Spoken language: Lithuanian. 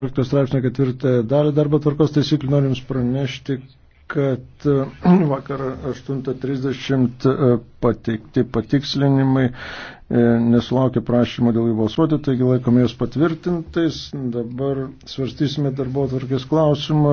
15 straipsnio 4 dalį darbo tvarkos taisyklių norim pranešti, kad vakar 8.30 e, pateikti patikslinimai e, nesulaukė prašymo dėl jų balsuoti, taigi laikom juos patvirtintais. Dabar svarstysime darbo tvarkės klausimą.